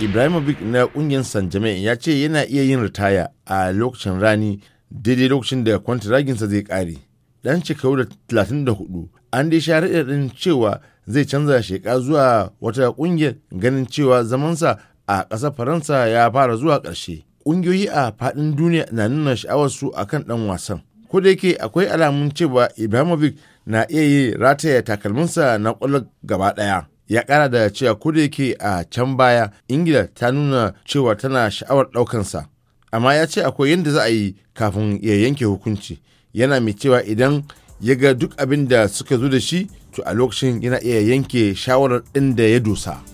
Ibrahimovic na kungiyar San ya ce yana iya yin ritaya a lokacin rani daidai lokacin da kwantiraginsa zai kare. Dan shekaru da 34 an dai sha ɗin cewa zai canza sheka zuwa wata kungiyar ganin cewa zamansa a ƙasar Faransa ya fara zuwa ƙarshe. Ƙungiyoyi a faɗin duniya na nuna sha'awarsu a kan ɗan wasan. Ko da yake akwai alamun cewa Ibrahimovic na iya yi rataya takalminsa na ƙwallon gaba ɗaya. ya kara da cewa kuda yake a can baya ingila ta nuna cewa tana sha'awar daukansa amma ya ce akwai yadda za a yi kafin ya yanke hukunci yana mai cewa idan ya ga duk abin da suka zo da shi to a lokacin yana iya yanke shawarar inda ya dosa.